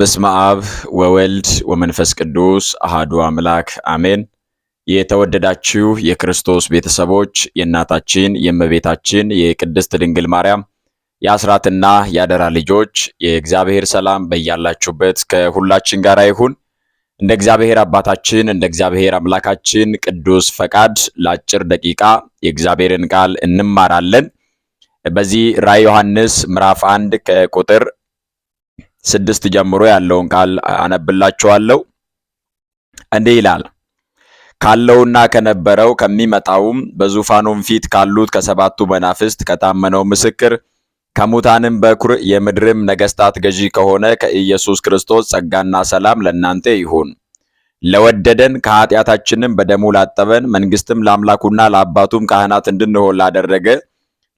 በስመ አብ ወወልድ ወመንፈስ ቅዱስ አሃዱ አምላክ አሜን። የተወደዳችሁ የክርስቶስ ቤተሰቦች የእናታችን የእመቤታችን የቅድስት ድንግል ማርያም የአስራትና የአደራ ልጆች የእግዚአብሔር ሰላም በያላችሁበት ከሁላችን ጋር ይሁን። እንደ እግዚአብሔር አባታችን እንደ እግዚአብሔር አምላካችን ቅዱስ ፈቃድ ለአጭር ደቂቃ የእግዚአብሔርን ቃል እንማራለን። በዚህ ራዕይ ዮሐንስ ምዕራፍ አንድ ከቁጥር ስድስት ጀምሮ ያለውን ቃል አነብላችኋለሁ። እንዲህ ይላል ካለውና ከነበረው ከሚመጣውም በዙፋኑም ፊት ካሉት ከሰባቱ መናፍስት ከታመነው ምስክር ከሙታንም በኩር የምድርም ነገስታት ገዢ ከሆነ ከኢየሱስ ክርስቶስ ጸጋና ሰላም ለእናንተ ይሁን። ለወደደን ከኃጢአታችንም በደሙ ላጠበን መንግስትም ለአምላኩና ለአባቱም ካህናት እንድንሆን ላደረገ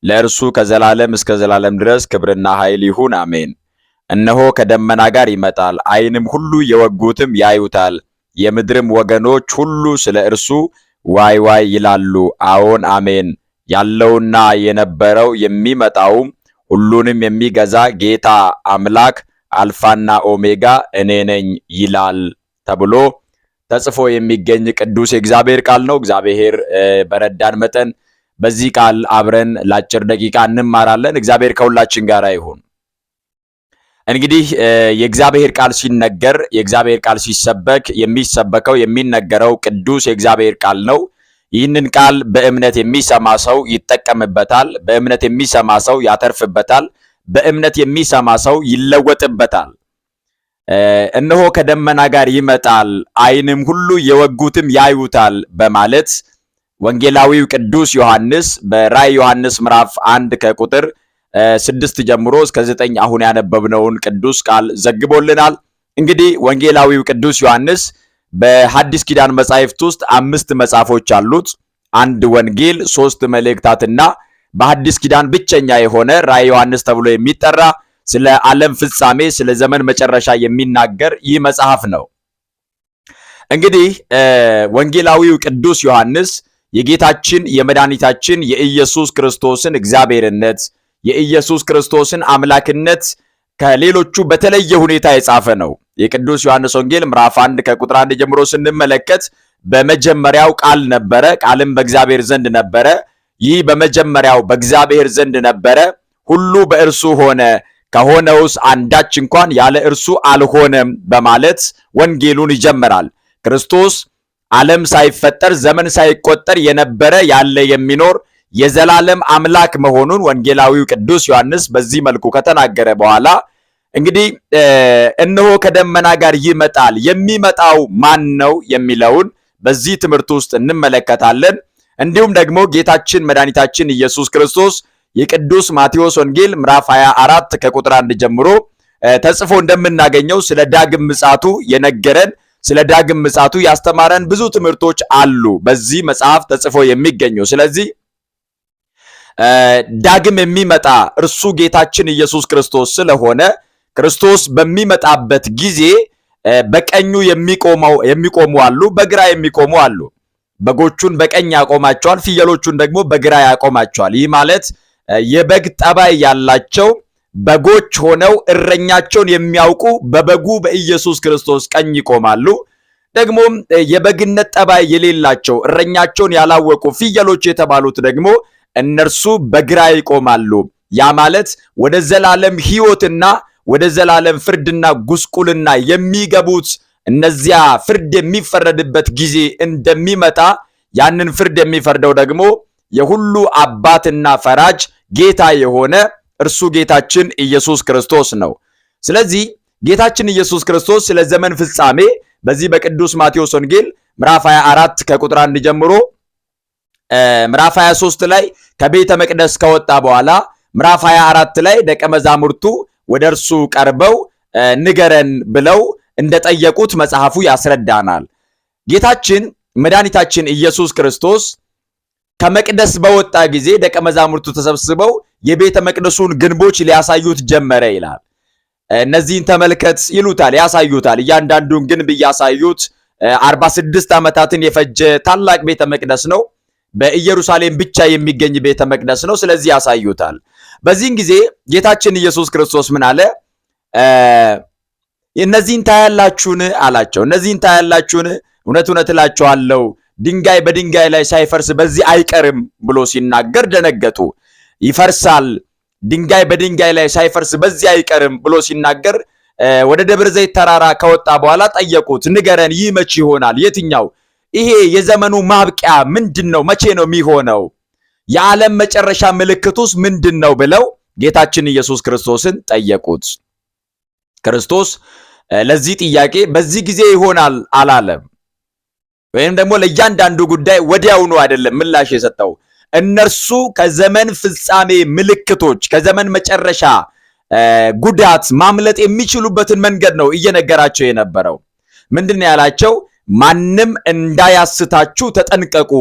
ለእርሱ ከዘላለም እስከ ዘላለም ድረስ ክብርና ኃይል ይሁን፣ አሜን። እነሆ ከደመና ጋር ይመጣል፣ ዓይንም ሁሉ የወጉትም ያዩታል፣ የምድርም ወገኖች ሁሉ ስለ እርሱ ዋይ ዋይ ይላሉ። አዎን አሜን። ያለውና የነበረው የሚመጣውም ሁሉንም የሚገዛ ጌታ አምላክ አልፋና ኦሜጋ እኔ ነኝ ይላል ተብሎ ተጽፎ የሚገኝ ቅዱስ የእግዚአብሔር ቃል ነው። እግዚአብሔር በረዳን መጠን በዚህ ቃል አብረን ለአጭር ደቂቃ እንማራለን። እግዚአብሔር ከሁላችን ጋር ይሁን። እንግዲህ የእግዚአብሔር ቃል ሲነገር የእግዚአብሔር ቃል ሲሰበክ የሚሰበከው የሚነገረው ቅዱስ የእግዚአብሔር ቃል ነው። ይህንን ቃል በእምነት የሚሰማ ሰው ይጠቀምበታል። በእምነት የሚሰማ ሰው ያተርፍበታል። በእምነት የሚሰማ ሰው ይለወጥበታል። እነሆ ከደመና ጋር ይመጣል፣ ዓይንም ሁሉ የወጉትም ያዩታል በማለት ወንጌላዊው ቅዱስ ዮሐንስ በራእይ ዮሐንስ ምዕራፍ አንድ ከቁጥር ስድስት ጀምሮ እስከ ዘጠኝ አሁን ያነበብነውን ቅዱስ ቃል ዘግቦልናል። እንግዲህ ወንጌላዊው ቅዱስ ዮሐንስ በሐዲስ ኪዳን መጻሕፍት ውስጥ አምስት መጽሐፎች አሉት። አንድ ወንጌል፣ ሶስት መልእክታትና በሐዲስ ኪዳን ብቸኛ የሆነ ራእይ ዮሐንስ ተብሎ የሚጠራ ስለ ዓለም ፍጻሜ፣ ስለ ዘመን መጨረሻ የሚናገር ይህ መጽሐፍ ነው። እንግዲህ ወንጌላዊው ቅዱስ ዮሐንስ የጌታችን የመድኃኒታችን የኢየሱስ ክርስቶስን እግዚአብሔርነት የኢየሱስ ክርስቶስን አምላክነት ከሌሎቹ በተለየ ሁኔታ የጻፈ ነው። የቅዱስ ዮሐንስ ወንጌል ምዕራፍ 1 ከቁጥር 1 ጀምሮ ስንመለከት በመጀመሪያው ቃል ነበረ፣ ቃልም በእግዚአብሔር ዘንድ ነበረ። ይህ በመጀመሪያው በእግዚአብሔር ዘንድ ነበረ። ሁሉ በእርሱ ሆነ፣ ከሆነውስ አንዳች እንኳን ያለ እርሱ አልሆነም በማለት ወንጌሉን ይጀምራል። ክርስቶስ ዓለም ሳይፈጠር ዘመን ሳይቆጠር የነበረ ያለ የሚኖር የዘላለም አምላክ መሆኑን ወንጌላዊው ቅዱስ ዮሐንስ በዚህ መልኩ ከተናገረ በኋላ እንግዲህ እነሆ ከደመና ጋር ይመጣል፣ የሚመጣው ማን ነው የሚለውን በዚህ ትምህርት ውስጥ እንመለከታለን። እንዲሁም ደግሞ ጌታችን መድኃኒታችን ኢየሱስ ክርስቶስ የቅዱስ ማቴዎስ ወንጌል ምዕራፍ 24 ከቁጥር 1 ጀምሮ ተጽፎ እንደምናገኘው ስለ ዳግም ምጻቱ የነገረን ስለ ዳግም ምጻቱ ያስተማረን ብዙ ትምህርቶች አሉ በዚህ መጽሐፍ ተጽፎ የሚገኙ። ስለዚህ ዳግም የሚመጣ እርሱ ጌታችን ኢየሱስ ክርስቶስ ስለሆነ ክርስቶስ በሚመጣበት ጊዜ በቀኙ የሚቆሙ አሉ፣ በግራ የሚቆሙ አሉ። በጎቹን በቀኝ ያቆማቸዋል፣ ፍየሎቹን ደግሞ በግራ ያቆማቸዋል። ይህ ማለት የበግ ጠባይ ያላቸው በጎች ሆነው እረኛቸውን የሚያውቁ በበጉ በኢየሱስ ክርስቶስ ቀኝ ይቆማሉ። ደግሞም የበግነት ጠባይ የሌላቸው እረኛቸውን ያላወቁ ፍየሎች የተባሉት ደግሞ እነርሱ በግራ ይቆማሉ። ያ ማለት ወደ ዘላለም ሕይወትና ወደ ዘላለም ፍርድና ጉስቁልና የሚገቡት እነዚያ ፍርድ የሚፈረድበት ጊዜ እንደሚመጣ ያንን ፍርድ የሚፈርደው ደግሞ የሁሉ አባትና ፈራጅ ጌታ የሆነ እርሱ ጌታችን ኢየሱስ ክርስቶስ ነው። ስለዚህ ጌታችን ኢየሱስ ክርስቶስ ስለ ዘመን ፍጻሜ በዚህ በቅዱስ ማቴዎስ ወንጌል ምዕራፍ 24 ከቁጥር 1 ጀምሮ ምዕራፍ 23 ላይ ከቤተ መቅደስ ከወጣ በኋላ ምዕራፍ 24 ላይ ደቀ መዛሙርቱ ወደ እርሱ ቀርበው ንገረን ብለው እንደጠየቁት መጽሐፉ ያስረዳናል። ጌታችን መድኃኒታችን ኢየሱስ ክርስቶስ ከመቅደስ በወጣ ጊዜ ደቀ መዛሙርቱ ተሰብስበው የቤተ መቅደሱን ግንቦች ሊያሳዩት ጀመረ ይላል። እነዚህን ተመልከት ይሉታል፣ ያሳዩታል። እያንዳንዱን ግንብ እያሳዩት 46 ዓመታትን የፈጀ ታላቅ ቤተ መቅደስ ነው። በኢየሩሳሌም ብቻ የሚገኝ ቤተ መቅደስ ነው። ስለዚህ ያሳዩታል። በዚህን ጊዜ ጌታችን ኢየሱስ ክርስቶስ ምን አለ? እነዚህን ታያላችሁን አላቸው። እነዚህን ታያላችሁን? እውነት እውነት እላችኋለሁ ድንጋይ በድንጋይ ላይ ሳይፈርስ በዚህ አይቀርም ብሎ ሲናገር ደነገጡ። ይፈርሳል፣ ድንጋይ በድንጋይ ላይ ሳይፈርስ በዚህ አይቀርም ብሎ ሲናገር ወደ ደብረ ዘይት ተራራ ከወጣ በኋላ ጠየቁት፣ ንገረን፣ ይህ መቼ ይሆናል? የትኛው ይሄ የዘመኑ ማብቂያ ምንድን ነው? መቼ ነው የሚሆነው? የዓለም መጨረሻ ምልክቱስ ምንድን ነው ብለው ጌታችን ኢየሱስ ክርስቶስን ጠየቁት። ክርስቶስ ለዚህ ጥያቄ በዚህ ጊዜ ይሆናል አላለም። ወይም ደግሞ ለእያንዳንዱ ጉዳይ ወዲያውኑ አይደለም ምላሽ የሰጠው። እነርሱ ከዘመን ፍጻሜ ምልክቶች፣ ከዘመን መጨረሻ ጉዳት ማምለጥ የሚችሉበትን መንገድ ነው እየነገራቸው የነበረው። ምንድን ነው ያላቸው? ማንም እንዳያስታችሁ ተጠንቀቁ።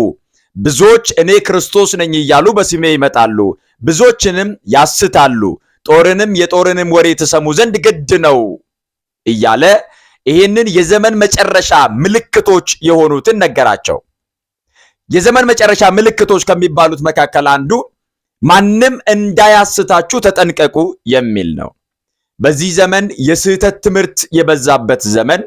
ብዙዎች እኔ ክርስቶስ ነኝ እያሉ በስሜ ይመጣሉ፣ ብዙዎችንም ያስታሉ። ጦርንም የጦርንም ወሬ ትሰሙ ዘንድ ግድ ነው እያለ ይህንን የዘመን መጨረሻ ምልክቶች የሆኑትን ነገራቸው። የዘመን መጨረሻ ምልክቶች ከሚባሉት መካከል አንዱ ማንም እንዳያስታችሁ ተጠንቀቁ የሚል ነው። በዚህ ዘመን የስህተት ትምህርት የበዛበት ዘመን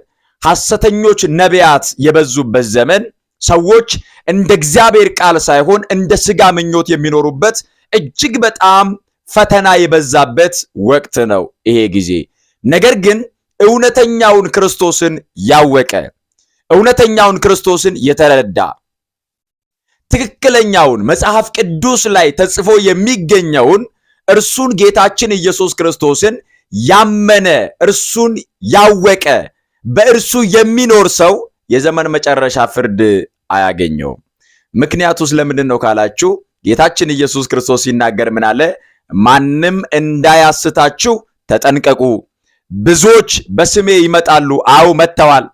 ሐሰተኞች ነቢያት የበዙበት ዘመን ሰዎች እንደ እግዚአብሔር ቃል ሳይሆን እንደ ስጋ ምኞት የሚኖሩበት እጅግ በጣም ፈተና የበዛበት ወቅት ነው ይሄ ጊዜ። ነገር ግን እውነተኛውን ክርስቶስን ያወቀ እውነተኛውን ክርስቶስን የተረዳ ትክክለኛውን መጽሐፍ ቅዱስ ላይ ተጽፎ የሚገኘውን እርሱን ጌታችን ኢየሱስ ክርስቶስን ያመነ እርሱን ያወቀ በእርሱ የሚኖር ሰው የዘመን መጨረሻ ፍርድ አያገኘውም። ምክንያቱ ስለምንድን ነው ካላችሁ ጌታችን ኢየሱስ ክርስቶስ ሲናገር ምን አለ? ማንም እንዳያስታችሁ ተጠንቀቁ። ብዙዎች በስሜ ይመጣሉ። አው መጥተዋል።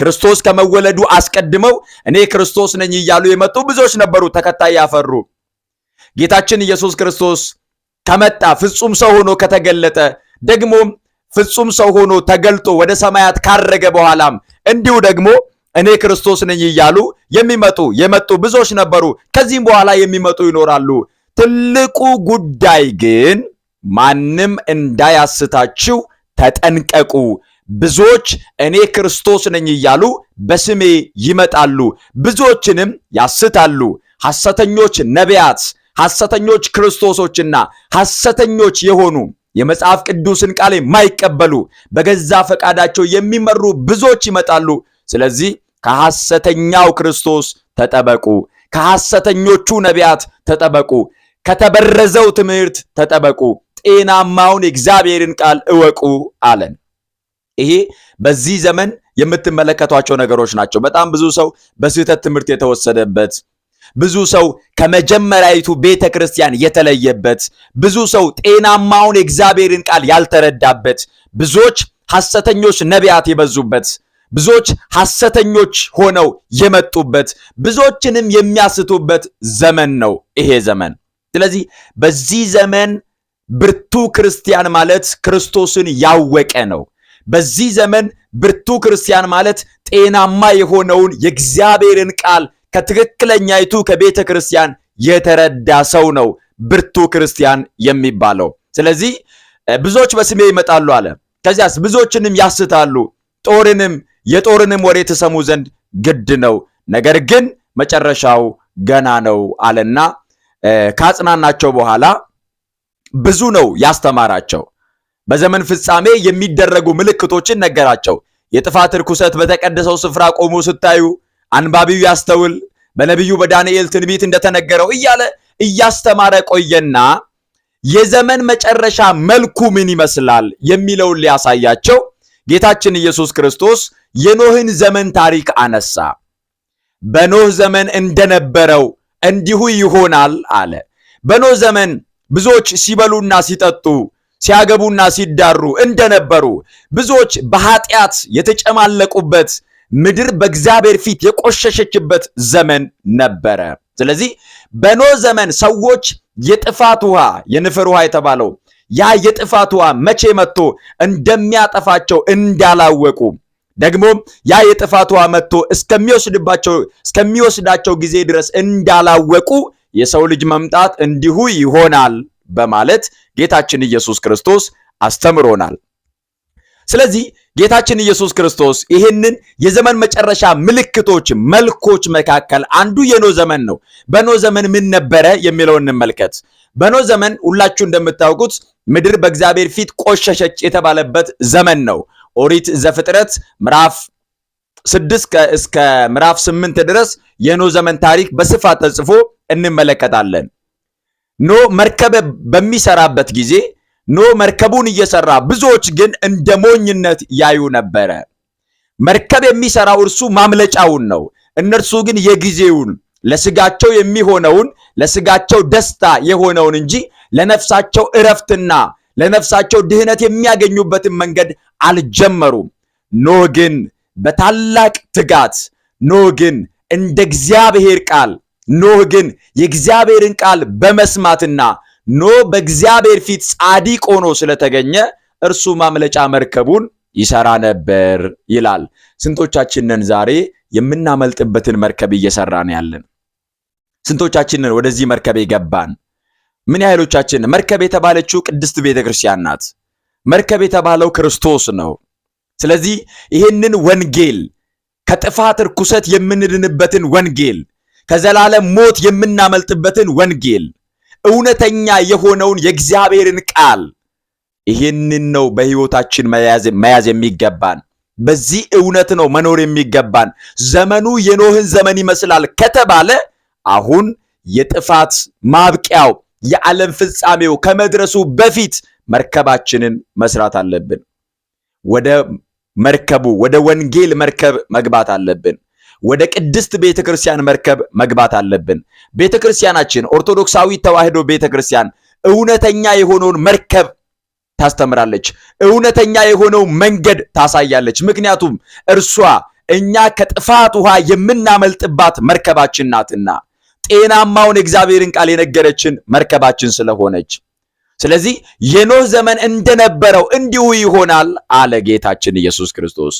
ክርስቶስ ከመወለዱ አስቀድመው እኔ ክርስቶስ ነኝ እያሉ የመጡ ብዙዎች ነበሩ፣ ተከታይ ያፈሩ። ጌታችን ኢየሱስ ክርስቶስ ከመጣ ፍጹም ሰው ሆኖ ከተገለጠ ደግሞም ፍጹም ሰው ሆኖ ተገልጦ ወደ ሰማያት ካረገ በኋላም እንዲሁ ደግሞ እኔ ክርስቶስ ነኝ እያሉ የሚመጡ የመጡ ብዙዎች ነበሩ። ከዚህም በኋላ የሚመጡ ይኖራሉ። ትልቁ ጉዳይ ግን ማንም እንዳያስታችሁ ተጠንቀቁ። ብዙዎች እኔ ክርስቶስ ነኝ እያሉ በስሜ ይመጣሉ፣ ብዙዎችንም ያስታሉ። ሐሰተኞች ነቢያት፣ ሐሰተኞች ክርስቶሶችና ሐሰተኞች የሆኑ የመጽሐፍ ቅዱስን ቃል የማይቀበሉ በገዛ ፈቃዳቸው የሚመሩ ብዙዎች ይመጣሉ። ስለዚህ ከሐሰተኛው ክርስቶስ ተጠበቁ፣ ከሐሰተኞቹ ነቢያት ተጠበቁ፣ ከተበረዘው ትምህርት ተጠበቁ፣ ጤናማውን የእግዚአብሔርን ቃል እወቁ አለን። ይሄ በዚህ ዘመን የምትመለከቷቸው ነገሮች ናቸው። በጣም ብዙ ሰው በስህተት ትምህርት የተወሰደበት ብዙ ሰው ከመጀመሪያዊቱ ቤተ ክርስቲያን የተለየበት፣ ብዙ ሰው ጤናማውን የእግዚአብሔርን ቃል ያልተረዳበት፣ ብዙዎች ሐሰተኞች ነቢያት የበዙበት፣ ብዙዎች ሐሰተኞች ሆነው የመጡበት፣ ብዙዎችንም የሚያስቱበት ዘመን ነው ይሄ ዘመን። ስለዚህ በዚህ ዘመን ብርቱ ክርስቲያን ማለት ክርስቶስን ያወቀ ነው። በዚህ ዘመን ብርቱ ክርስቲያን ማለት ጤናማ የሆነውን የእግዚአብሔርን ቃል ከትክክለኛይቱ ከቤተ ክርስቲያን የተረዳ ሰው ነው ብርቱ ክርስቲያን የሚባለው። ስለዚህ ብዙዎች በስሜ ይመጣሉ አለ። ከዚያስ ብዙዎችንም ያስታሉ፣ ጦርንም የጦርንም ወሬ ትሰሙ ዘንድ ግድ ነው፣ ነገር ግን መጨረሻው ገና ነው አለና ካጽናናቸው በኋላ ብዙ ነው ያስተማራቸው። በዘመን ፍጻሜ የሚደረጉ ምልክቶችን ነገራቸው። የጥፋት ርኩሰት በተቀደሰው ስፍራ ቆሞ ስታዩ አንባቢው ያስተውል፣ በነቢዩ በዳንኤል ትንቢት እንደተነገረው እያለ እያስተማረ ቆየና የዘመን መጨረሻ መልኩ ምን ይመስላል የሚለውን ሊያሳያቸው ጌታችን ኢየሱስ ክርስቶስ የኖህን ዘመን ታሪክ አነሳ። በኖህ ዘመን እንደነበረው እንዲሁ ይሆናል አለ። በኖህ ዘመን ብዙዎች ሲበሉና ሲጠጡ ሲያገቡና ሲዳሩ እንደነበሩ ብዙዎች በኃጢአት የተጨማለቁበት ምድር በእግዚአብሔር ፊት የቆሸሸችበት ዘመን ነበረ። ስለዚህ በኖ ዘመን ሰዎች የጥፋት ውሃ የንፍር ውሃ የተባለው ያ የጥፋት ውሃ መቼ መጥቶ እንደሚያጠፋቸው እንዳላወቁ ደግሞም ያ የጥፋት ውሃ መጥቶ እስከሚወስድባቸው እስከሚወስዳቸው ጊዜ ድረስ እንዳላወቁ የሰው ልጅ መምጣት እንዲሁ ይሆናል በማለት ጌታችን ኢየሱስ ክርስቶስ አስተምሮናል። ስለዚህ ጌታችን ኢየሱስ ክርስቶስ ይህንን የዘመን መጨረሻ ምልክቶች፣ መልኮች መካከል አንዱ የኖ ዘመን ነው። በኖ ዘመን ምን ነበረ የሚለውን እንመልከት። በኖ ዘመን ሁላችሁ እንደምታውቁት ምድር በእግዚአብሔር ፊት ቆሸሸች የተባለበት ዘመን ነው። ኦሪት ዘፍጥረት ምዕራፍ ስድስት እስከ ምዕራፍ ስምንት ድረስ የኖ ዘመን ታሪክ በስፋት ተጽፎ እንመለከታለን። ኖ መርከብ በሚሰራበት ጊዜ ኖ መርከቡን እየሰራ ብዙዎች ግን እንደ ሞኝነት ያዩ ነበረ። መርከብ የሚሰራው እርሱ ማምለጫውን ነው። እነርሱ ግን የጊዜውን ለስጋቸው የሚሆነውን ለስጋቸው ደስታ የሆነውን እንጂ ለነፍሳቸው እረፍትና ለነፍሳቸው ድህነት የሚያገኙበትን መንገድ አልጀመሩም። ኖህ ግን በታላቅ ትጋት፣ ኖህ ግን እንደ እግዚአብሔር ቃል፣ ኖህ ግን የእግዚአብሔርን ቃል በመስማትና ኖ በእግዚአብሔር ፊት ጻድቅ ሆኖ ስለተገኘ እርሱ ማምለጫ መርከቡን ይሰራ ነበር ይላል። ስንቶቻችንን ዛሬ የምናመልጥበትን መርከብ እየሰራን ያለን? ስንቶቻችንን ወደዚህ መርከብ የገባን? ምን ያህሎቻችን? መርከብ የተባለችው ቅድስት ቤተ ክርስቲያን ናት። መርከብ የተባለው ክርስቶስ ነው። ስለዚህ ይህንን ወንጌል ከጥፋት ርኩሰት የምንድንበትን ወንጌል ከዘላለም ሞት የምናመልጥበትን ወንጌል እውነተኛ የሆነውን የእግዚአብሔርን ቃል ይህንን ነው በሕይወታችን መያዝ የሚገባን። በዚህ እውነት ነው መኖር የሚገባን። ዘመኑ የኖህን ዘመን ይመስላል ከተባለ አሁን የጥፋት ማብቂያው የዓለም ፍጻሜው ከመድረሱ በፊት መርከባችንን መስራት አለብን። ወደ መርከቡ ወደ ወንጌል መርከብ መግባት አለብን። ወደ ቅድስት ቤተ ክርስቲያን መርከብ መግባት አለብን። ቤተ ክርስቲያናችን ኦርቶዶክሳዊ ተዋህዶ ቤተ ክርስቲያን እውነተኛ የሆነውን መርከብ ታስተምራለች። እውነተኛ የሆነው መንገድ ታሳያለች። ምክንያቱም እርሷ እኛ ከጥፋት ውሃ የምናመልጥባት መርከባችን ናትና ጤናማውን እግዚአብሔርን ቃል የነገረችን መርከባችን ስለሆነች ስለዚህ የኖህ ዘመን እንደነበረው እንዲሁ ይሆናል አለ ጌታችን ኢየሱስ ክርስቶስ።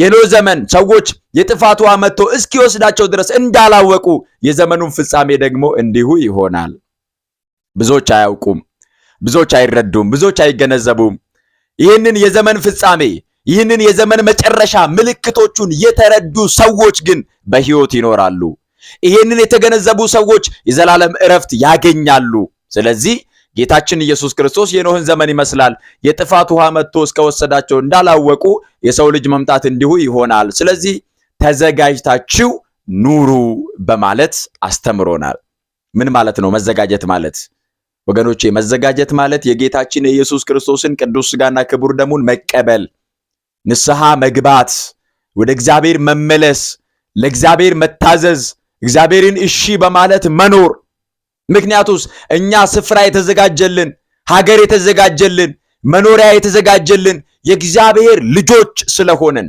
የኖ ዘመን ሰዎች የጥፋት ውሃ መጥቶ እስኪወስዳቸው ድረስ እንዳላወቁ የዘመኑን ፍጻሜ ደግሞ እንዲሁ ይሆናል። ብዙዎች አያውቁም፣ ብዙዎች አይረዱም፣ ብዙዎች አይገነዘቡም። ይህንን የዘመን ፍጻሜ ይህንን የዘመን መጨረሻ ምልክቶቹን የተረዱ ሰዎች ግን በሕይወት ይኖራሉ። ይህንን የተገነዘቡ ሰዎች የዘላለም እረፍት ያገኛሉ። ስለዚህ ጌታችን ኢየሱስ ክርስቶስ የኖህን ዘመን ይመስላል፣ የጥፋት ውሃ መጥቶ እስከወሰዳቸው እንዳላወቁ የሰው ልጅ መምጣት እንዲሁ ይሆናል። ስለዚህ ተዘጋጅታችሁ ኑሩ በማለት አስተምሮናል። ምን ማለት ነው መዘጋጀት ማለት? ወገኖቼ መዘጋጀት ማለት የጌታችን የኢየሱስ ክርስቶስን ቅዱስ ሥጋና ክቡር ደሙን መቀበል፣ ንስሐ መግባት፣ ወደ እግዚአብሔር መመለስ፣ ለእግዚአብሔር መታዘዝ፣ እግዚአብሔርን እሺ በማለት መኖር ምክንያቱስ እኛ ስፍራ የተዘጋጀልን ሀገር የተዘጋጀልን መኖሪያ የተዘጋጀልን የእግዚአብሔር ልጆች ስለሆንን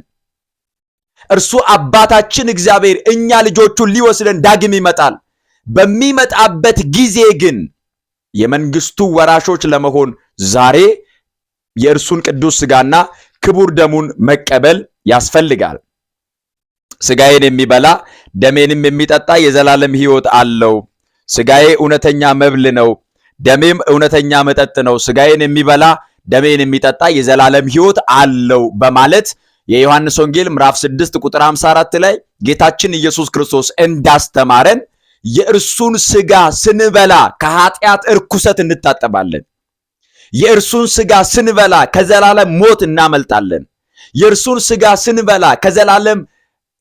እርሱ አባታችን እግዚአብሔር እኛ ልጆቹን ሊወስደን ዳግም ይመጣል። በሚመጣበት ጊዜ ግን የመንግስቱ ወራሾች ለመሆን ዛሬ የእርሱን ቅዱስ ስጋና ክቡር ደሙን መቀበል ያስፈልጋል። ስጋዬን የሚበላ ደሜንም የሚጠጣ የዘላለም ሕይወት አለው ስጋዬ እውነተኛ መብል ነው፣ ደሜም እውነተኛ መጠጥ ነው። ስጋዬን የሚበላ ደሜን የሚጠጣ የዘላለም ሕይወት አለው በማለት የዮሐንስ ወንጌል ምዕራፍ 6 ቁጥር 54 ላይ ጌታችን ኢየሱስ ክርስቶስ እንዳስተማረን የእርሱን ስጋ ስንበላ ከኃጢአት እርኩሰት እንታጠባለን። የእርሱን ስጋ ስንበላ ከዘላለም ሞት እናመልጣለን። የእርሱን ስጋ ስንበላ ከዘላለም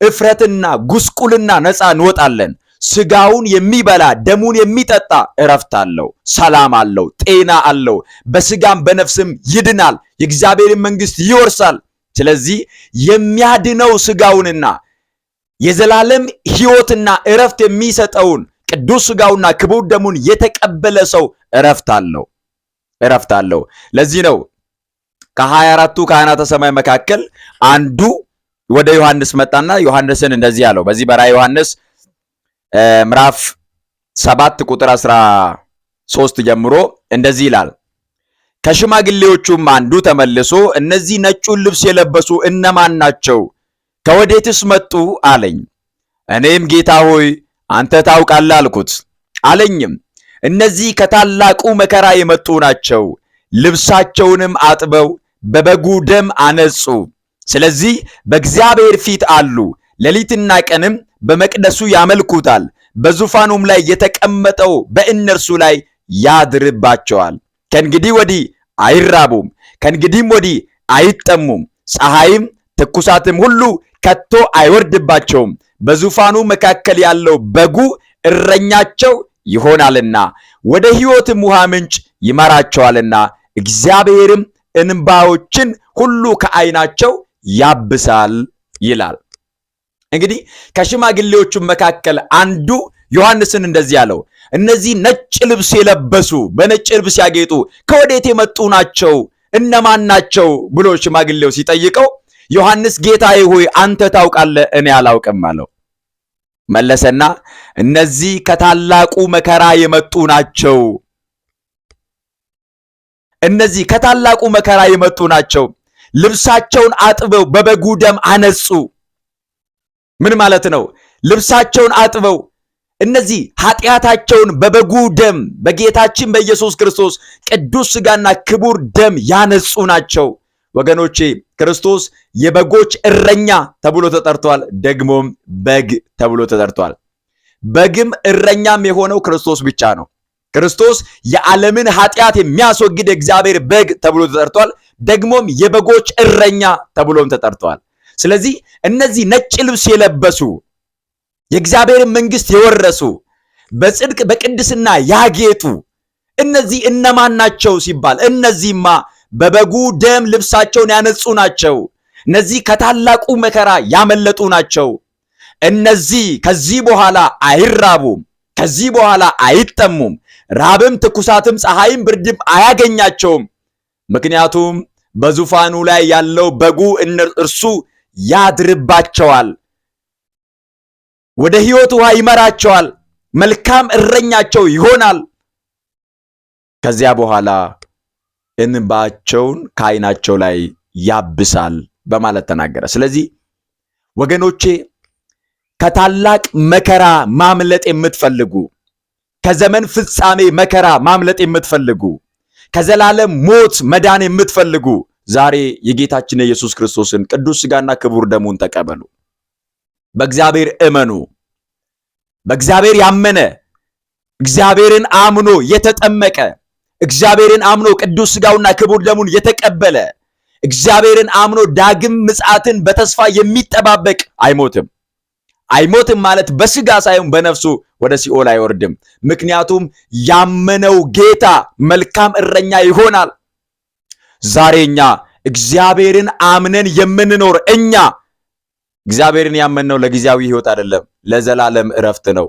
እፍረትና ጉስቁልና ነፃ እንወጣለን። ስጋውን የሚበላ ደሙን የሚጠጣ እረፍት አለው፣ ሰላም አለው፣ ጤና አለው። በስጋም በነፍስም ይድናል፣ የእግዚአብሔርን መንግስት ይወርሳል። ስለዚህ የሚያድነው ስጋውንና የዘላለም ህይወትና እረፍት የሚሰጠውን ቅዱስ ስጋውና ክቡር ደሙን የተቀበለ ሰው እረፍት አለው፣ እረፍት አለው። ለዚህ ነው ከሀያ አራቱ ካህናተ ሰማይ መካከል አንዱ ወደ ዮሐንስ መጣና ዮሐንስን እንደዚህ አለው። በዚህ በራእየ ዮሐንስ ምዕራፍ ሰባት ቁጥር አስራ ሶስት ጀምሮ እንደዚህ ይላል። ከሽማግሌዎቹም አንዱ ተመልሶ እነዚህ ነጩን ልብስ የለበሱ እነማን ናቸው? ከወዴትስ መጡ? አለኝ። እኔም ጌታ ሆይ አንተ ታውቃለህ አልኩት። አለኝም እነዚህ ከታላቁ መከራ የመጡ ናቸው፣ ልብሳቸውንም አጥበው በበጉ ደም አነጹ። ስለዚህ በእግዚአብሔር ፊት አሉ፣ ሌሊትና ቀንም በመቅደሱ ያመልኩታል፣ በዙፋኑም ላይ የተቀመጠው በእነርሱ ላይ ያድርባቸዋል። ከእንግዲህ ወዲህ አይራቡም፣ ከእንግዲህም ወዲህ አይጠሙም፣ ፀሐይም ትኩሳትም ሁሉ ከቶ አይወርድባቸውም። በዙፋኑ መካከል ያለው በጉ እረኛቸው ይሆናልና ወደ ሕይወትም ውሃ ምንጭ ይመራቸዋልና እግዚአብሔርም እንባዎችን ሁሉ ከዓይናቸው ያብሳል ይላል። እንግዲህ ከሽማግሌዎቹ መካከል አንዱ ዮሐንስን እንደዚህ ያለው እነዚህ ነጭ ልብስ የለበሱ በነጭ ልብስ ያጌጡ ከወዴት የመጡ ናቸው? እነማን ናቸው? ብሎ ሽማግሌው ሲጠይቀው ዮሐንስ ጌታዬ ሆይ አንተ ታውቃለህ፣ እኔ አላውቅም አለው። መለሰና እነዚህ ከታላቁ መከራ የመጡ ናቸው። እነዚህ ከታላቁ መከራ የመጡ ናቸው። ልብሳቸውን አጥበው በበጉ ደም አነጹ። ምን ማለት ነው? ልብሳቸውን አጥበው እነዚህ ኃጢአታቸውን በበጉ ደም በጌታችን በኢየሱስ ክርስቶስ ቅዱስ ሥጋና ክቡር ደም ያነጹ ናቸው። ወገኖቼ ክርስቶስ የበጎች እረኛ ተብሎ ተጠርቷል። ደግሞም በግ ተብሎ ተጠርቷል። በግም እረኛም የሆነው ክርስቶስ ብቻ ነው። ክርስቶስ የዓለምን ኃጢአት የሚያስወግድ እግዚአብሔር በግ ተብሎ ተጠርቷል። ደግሞም የበጎች እረኛ ተብሎም ተጠርቷል። ስለዚህ እነዚህ ነጭ ልብስ የለበሱ የእግዚአብሔርን መንግስት የወረሱ በጽድቅ በቅድስና ያጌጡ እነዚህ እነማን ናቸው ሲባል እነዚህማ በበጉ ደም ልብሳቸውን ያነጹ ናቸው። እነዚህ ከታላቁ መከራ ያመለጡ ናቸው። እነዚህ ከዚህ በኋላ አይራቡም፣ ከዚህ በኋላ አይጠሙም። ራብም፣ ትኩሳትም፣ ፀሐይም፣ ብርድም አያገኛቸውም። ምክንያቱም በዙፋኑ ላይ ያለው በጉ እርሱ ያድርባቸዋል። ወደ ሕይወት ውሃ ይመራቸዋል። መልካም እረኛቸው ይሆናል። ከዚያ በኋላ እንባቸውን ከዓይናቸው ላይ ያብሳል በማለት ተናገረ። ስለዚህ ወገኖቼ ከታላቅ መከራ ማምለጥ የምትፈልጉ ከዘመን ፍጻሜ መከራ ማምለጥ የምትፈልጉ ከዘላለም ሞት መዳን የምትፈልጉ ዛሬ የጌታችን የኢየሱስ ክርስቶስን ቅዱስ ሥጋና ክቡር ደሙን ተቀበሉ። በእግዚአብሔር እመኑ። በእግዚአብሔር ያመነ እግዚአብሔርን አምኖ የተጠመቀ እግዚአብሔርን አምኖ ቅዱስ ሥጋውና ክቡር ደሙን የተቀበለ እግዚአብሔርን አምኖ ዳግም ምጽአትን በተስፋ የሚጠባበቅ አይሞትም። አይሞትም ማለት በስጋ ሳይሆን በነፍሱ ወደ ሲኦል አይወርድም። ምክንያቱም ያመነው ጌታ መልካም እረኛ ይሆናል። ዛሬ እኛ እግዚአብሔርን አምነን የምንኖር እኛ እግዚአብሔርን ያመንነው ለጊዜያዊ ህይወት አይደለም፣ ለዘላለም እረፍት ነው።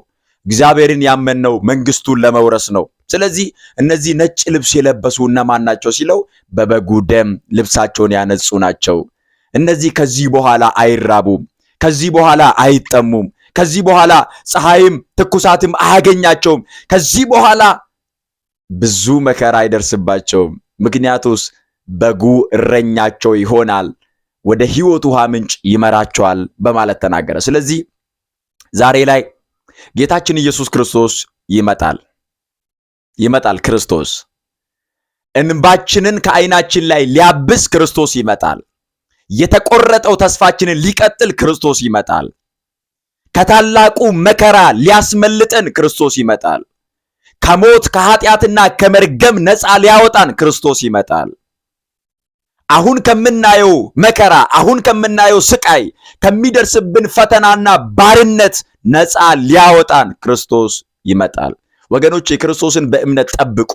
እግዚአብሔርን ያመንነው መንግስቱን ለመውረስ ነው። ስለዚህ እነዚህ ነጭ ልብስ የለበሱ እነማን ናቸው ሲለው፣ በበጉ ደም ልብሳቸውን ያነጹ ናቸው። እነዚህ ከዚህ በኋላ አይራቡም፣ ከዚህ በኋላ አይጠሙም፣ ከዚህ በኋላ ፀሐይም ትኩሳትም አያገኛቸውም። ከዚህ በኋላ ብዙ መከራ አይደርስባቸውም። ምክንያቱስ በጉ እረኛቸው ይሆናል፣ ወደ ህይወቱ ውሃ ምንጭ ይመራቸዋል በማለት ተናገረ። ስለዚህ ዛሬ ላይ ጌታችን ኢየሱስ ክርስቶስ ይመጣል ይመጣል ክርስቶስ እንባችንን ከዓይናችን ላይ ሊያብስ ክርስቶስ ይመጣል። የተቆረጠው ተስፋችንን ሊቀጥል ክርስቶስ ይመጣል። ከታላቁ መከራ ሊያስመልጠን ክርስቶስ ይመጣል። ከሞት ከኃጢአትና ከመርገም ነፃ ሊያወጣን ክርስቶስ ይመጣል። አሁን ከምናየው መከራ አሁን ከምናየው ስቃይ ከሚደርስብን ፈተናና ባርነት ነፃ ሊያወጣን ክርስቶስ ይመጣል። ወገኖች የክርስቶስን በእምነት ጠብቁ፣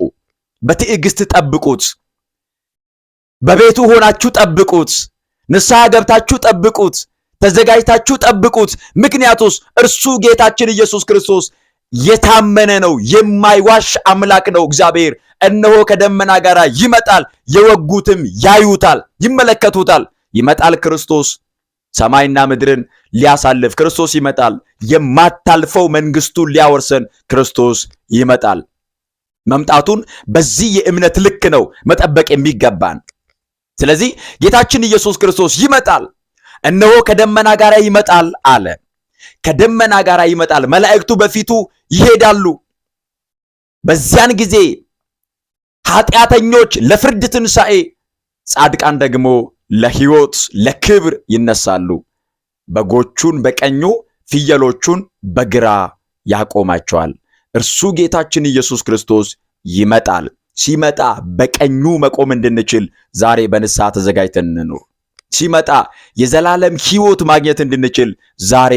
በትዕግስት ጠብቁት፣ በቤቱ ሆናችሁ ጠብቁት፣ ንስሐ ገብታችሁ ጠብቁት፣ ተዘጋጅታችሁ ጠብቁት። ምክንያቱስ እርሱ ጌታችን ኢየሱስ ክርስቶስ የታመነ ነው፣ የማይዋሽ አምላክ ነው። እግዚአብሔር እነሆ ከደመና ጋር ይመጣል፣ የወጉትም ያዩታል፣ ይመለከቱታል። ይመጣል ክርስቶስ ሰማይና ምድርን ሊያሳልፍ ክርስቶስ ይመጣል። የማታልፈው መንግስቱን ሊያወርሰን ክርስቶስ ይመጣል። መምጣቱን በዚህ የእምነት ልክ ነው መጠበቅ የሚገባን። ስለዚህ ጌታችን ኢየሱስ ክርስቶስ ይመጣል፣ እነሆ ከደመና ጋር ይመጣል አለ። ከደመና ጋር ይመጣል፣ መላእክቱ በፊቱ ይሄዳሉ። በዚያን ጊዜ ኃጢአተኞች ለፍርድ ትንሣኤ፣ ጻድቃን ደግሞ ለሕይወት ለክብር ይነሳሉ። በጎቹን በቀኙ ፍየሎቹን በግራ ያቆማቸዋል። እርሱ ጌታችን ኢየሱስ ክርስቶስ ይመጣል። ሲመጣ በቀኙ መቆም እንድንችል ዛሬ በንስሐ ተዘጋጅተን እንኑር። ሲመጣ የዘላለም ሕይወት ማግኘት እንድንችል ዛሬ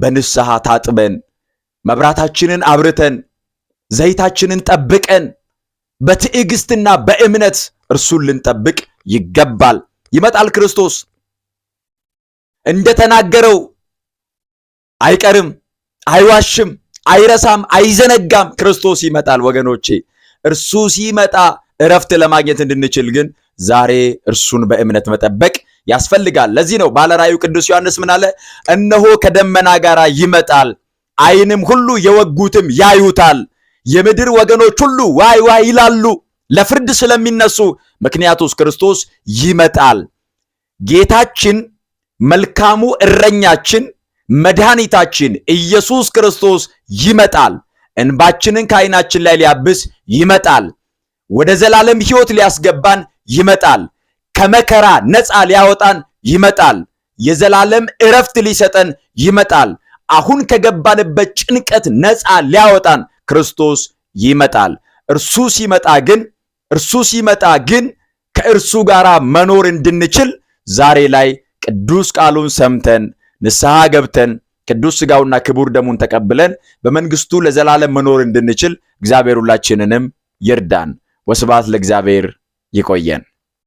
በንስሐ ታጥበን መብራታችንን አብርተን ዘይታችንን ጠብቀን በትዕግስትና በእምነት እርሱን ልንጠብቅ ይገባል። ይመጣል ክርስቶስ እንደተናገረው አይቀርም፣ አይዋሽም፣ አይረሳም፣ አይዘነጋም። ክርስቶስ ይመጣል ወገኖቼ። እርሱ ሲመጣ እረፍት ለማግኘት እንድንችል ግን ዛሬ እርሱን በእምነት መጠበቅ ያስፈልጋል። ለዚህ ነው ባለራእዩ ቅዱስ ዮሐንስ ምን አለ? እነሆ ከደመና ጋር ይመጣል፣ ዓይንም ሁሉ የወጉትም ያዩታል የምድር ወገኖች ሁሉ ዋይ ዋይ ይላሉ ለፍርድ ስለሚነሱ፣ ምክንያቱስ ክርስቶስ ይመጣል። ጌታችን መልካሙ እረኛችን መድኃኒታችን ኢየሱስ ክርስቶስ ይመጣል። እንባችንን ከዓይናችን ላይ ሊያብስ ይመጣል። ወደ ዘላለም ሕይወት ሊያስገባን ይመጣል። ከመከራ ነፃ ሊያወጣን ይመጣል። የዘላለም እረፍት ሊሰጠን ይመጣል። አሁን ከገባንበት ጭንቀት ነፃ ሊያወጣን ክርስቶስ ይመጣል። እርሱ ሲመጣ ግን እርሱ ሲመጣ ግን ከእርሱ ጋር መኖር እንድንችል ዛሬ ላይ ቅዱስ ቃሉን ሰምተን ንስሐ ገብተን ቅዱስ ሥጋውና ክቡር ደሙን ተቀብለን በመንግስቱ ለዘላለም መኖር እንድንችል እግዚአብሔር ሁላችንንም ይርዳን። ወስብሐት ለእግዚአብሔር። ይቆየን።